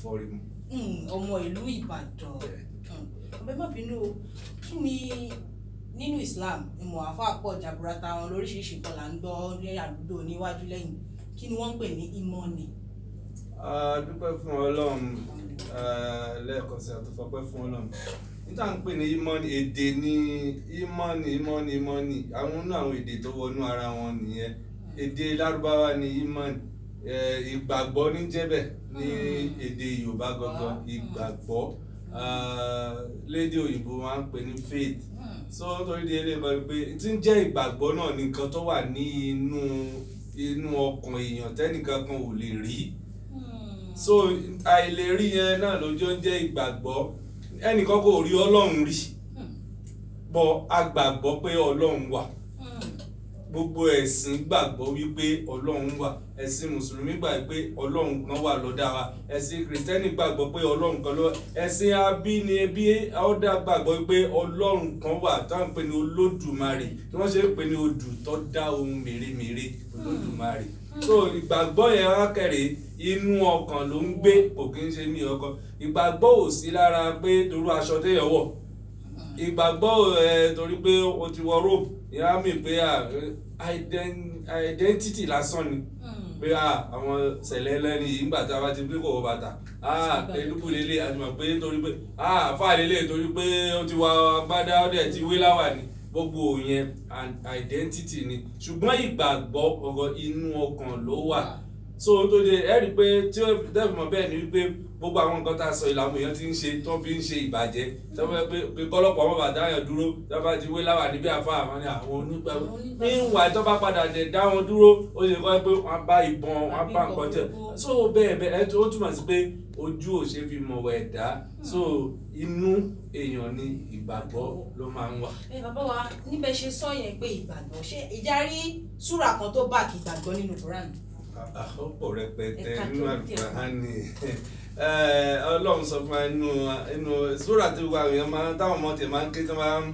fọ́rí mu. Hmm, ọmọ ìlú ìbàdàn hmm. ọbẹ̀ má bínú o kí ni nínú islam ìmọ̀ àfáà pọ̀ jaburata wọn lóríṣiríṣi kan là ń gbọ́ ní àdúgbò níwájú lẹ́yìn kí ni wọ́n ń pè ní ìmọ̀ọ́nì. a dúpẹ́ fún ọlọ́run lẹ́ẹ̀kan sí àtúfọ́pẹ́ fún ọlọ́run níta ń pè ní ìmọ̀ọ́nì èdè ní ìmọ̀ọ́nì ìmọ̀ọ́nì ìmọ̀ọ́nì àwọn inú àwọn èdè tó wọnú ara wọn nìyẹn hmm. èdè lárúbáwá ni ìmọ̀ọ́nì ìgbàgbọ́ ní jẹ́bẹ̀ ní èdè Yorùbá gangan mm. ìgbàgbọ́ mm. Ah, lédè òyìnbó máa ń pè ní faith mm. so nítorí di eléyìí bá pé tí ń jẹ́ ìgbàgbọ́ náà ní nǹkan tó wà ní inú inú ọkàn èèyàn tẹ́nìkan kan ò lè rí so àìlérí yẹn náà lójó ń jẹ́ ìgbàgbọ́ ẹnìkan kò rí Ọlọ́run rí bọ́ a gbàgbọ́ pé Ọlọ́run wà gbogbo ẹ̀sìn gbàgbọ́ wípé ọlọ́run wà ẹ̀sìn mùsùlùmí gbà pé ọlọ́run kan wà lọ́dà ẹ̀sìn kìrìtẹ́nì gbàgbọ́ pé ọlọ́run kan lọ́wọ́ ẹ̀sìn abínibí ọ̀dà gbàgbọ́ pé ọlọ́run kan wà táwọn pè ní olódùmarè tí wọ́n ṣe ń pè ní odù tó dá ohun mèremère olódùmarè so ìgbàgbọ́ yẹn rákẹ̀rẹ̀ inú ọkàn ló ń gbé kò kí ń ṣe ní ọkàn ìgbàgbọ́ ò lára pé torú aṣọ téèyàn wọ̀ ìgbàgbọ́ ẹ torí pé o ti wọ robe ìyá mi pé identity lásán ni hmm. pé àwọn sẹ̀lẹ̀ ẹlẹ́ni yìí ńgbà tá a bá ti pé kò wọ bàtà ẹnubú lélẹ̀ àjùmọ̀ pé torí pé àfa lélẹ̀ torí pé o ti wọ agbádá ọdẹ ti wé láwà ni gbogbo yẹn identity ni ṣùgbọ́n ìgbàgbọ́ ọ̀rọ̀ inú ọkàn ló wà. Ah so tó ṣe ẹ rí i pé tí ó dẹ́rù mọ́ bẹ́ẹ̀ ni wípé gbogbo àwọn nǹkan tá a sọ ìlànà èèyàn ti ń ṣe tó fi ń ṣe ìbàjẹ́ tó fẹ́ pé kọ́lọ́pọ̀ wọn bá dáyàn dúró tó bá ti wé láwà níbi àfa àwọn ni àwọn onígbà ní ìwà tó bá padà dẹ̀ dá wọn dúró ó ṣe kọ́ pé wọ́n bá ìbọn wọ́n bá nǹkan jẹ so bẹ́ẹ̀ bẹ́ẹ̀ ó túmọ̀ sí pé ojú ò ṣe fi mọ̀wọ́ ẹ̀dá so inú èèyàn ni ìgbàgbọ́ ló máa ń wà. ẹ bàbá wa níbẹ̀ ṣe sọ yẹn pé ìgbàgbọ́ ṣe ìdarí súrà kan tó bá ìgbàgbọ́ nínú Kùránì àkọ́pọ̀ rẹpẹtẹ nínú àlùkùránì ọlọ́run sọ fún wa inú sóra tí gbogbo àwọn èèyàn máa táwọn ọmọ tẹ̀ máa ń ké tí wọ́n máa ń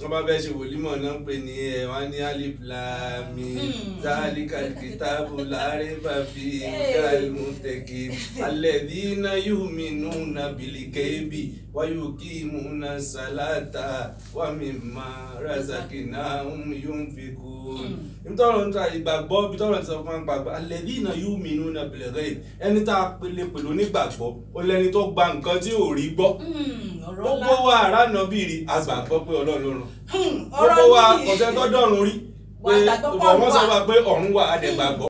wọ́n bá fẹ́ ṣe wòlímọ̀ náà pé ní ẹ̀ wọ́n á ní alif lami hmm. zalikal kitabu láàrẹ́bà fi ìdálmù tẹ̀kì alladhina yu'minuna bilikaybi wa yuqimuna salata wa mimma razaqnahum yunfikun. Hmm. ibi tọ́rọ̀ ń ta ìgbàgbọ́ ibi tọ́rọ̀ ti sọ fún wa gbàgbọ́ alladhina yu'minuna bilikaybi ẹni tá a pèlè pèlè onígbàgbọ́ ó tó gba nǹkan tí ò rí gbọ́. Hmm gbogbo wa àrànà bìrì àgbàgbọ́ pé ọlọ́run ló rán hmm, gbogbo wa ọ̀sẹ̀ tó dọ̀run rí pé ìwọ̀n sọ wa pé ọ̀run wà á dẹ̀ gbàgbọ́.